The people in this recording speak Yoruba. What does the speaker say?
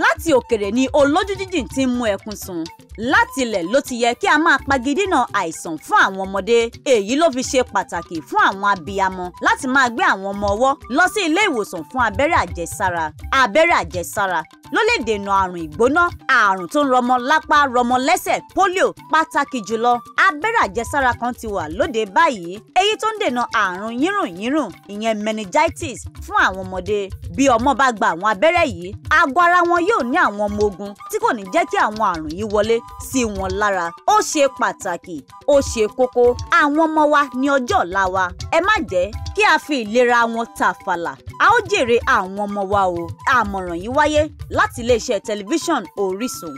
láti òkèrè ni olójú jíjìn ti ń mú ẹkún sun láti ilẹ̀ ló ti yẹ kí a máa pagidínà àìsàn fún àwọn ọmọdé èyí ló fi ṣe pàtàkì fún àwọn abiyamọ láti máa gbé àwọn ọmọ ọwọ́ lọ sí ilé ìwòsàn fún abẹ́rẹ́ àjẹsára abẹ́rẹ́ àjẹsára ló lè dènà àrùn ìgbóná àrùn tó ń rọmọ lápá rọmọ lẹ́sẹ̀ pólíò pàtàkì jùlọ abẹ́rẹ́ àjẹsára kan ti wà lóde báyìí èyí tó ń dènà àrùn yírùnyírùn ìyẹn meningitis fún àwọn ọmọdé bí ọmọ bá gba àwọn abẹ́rẹ́ yìí àgọ́ ara wọn yóò ní àwọn ọmọ ogun tí kò ní jẹ́ kí àwọn àrùn yìí wọlé sí wọn lára ó ṣe pàtàkì ó ṣe kókó àwọn ọmọ wa ní ọjọ́ ọ̀la wa ẹ má jẹ́ kí a fi ìlera wọn tàfàlà a ó jèrè àwọn ọmọ wa o àmọ̀ràn yìí wáyé láti iléeṣẹ́ tẹlifíṣàn Orísun.